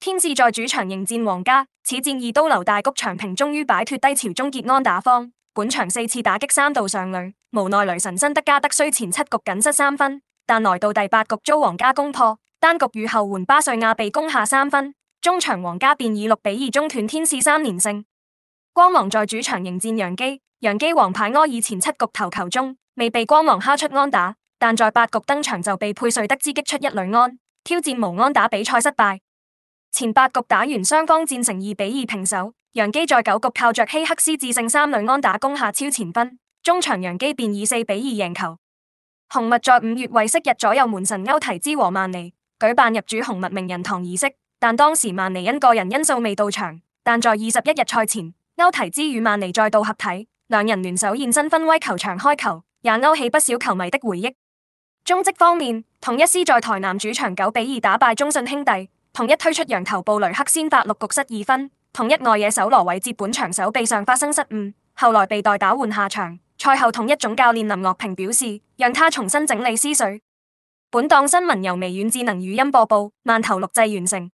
天使在主場迎戰皇家，此戰二刀流大谷翔平終於擺脱低潮，終結安打荒。本場四次打擊三度上壘，無奈雷神新德加德雖前七局僅失三分，但來到第八局遭皇家攻破，單局與後援巴瑞亞被攻下三分。中場皇家便以六比二中斷天使三連勝。光芒在主場迎戰楊基，楊基王牌柯爾前七局投球中未被光芒敲出安打，但在八局登場就被佩瑞德茲擊出一壘安，挑戰無安打比賽失敗。前八局打完，雙方戰成二比二平手。洋基在九局靠着希克斯致勝三壘安打攻下超前分，中場洋基便以四比二贏球。紅襪在五月為昔日左右門神歐提茲和曼尼舉辦入主紅襪名人堂儀式，但當時曼尼因個人因素未到場。但在二十一日賽前，歐提茲與曼尼再度合體，兩人聯手現身芬威球場開球，也勾起不少球迷的回憶。中職方面，統一獅在台南主場九比二打敗中信兄弟。統一推出羊頭布雷克先發六局失二分，統一外野手羅偉接本場手臂上發生失誤，後來被代打換下場。賽後統一總教練林岳平表示，讓他重新整理思緒。本檔新聞由微軟智能語音播報，慢投錄製完成。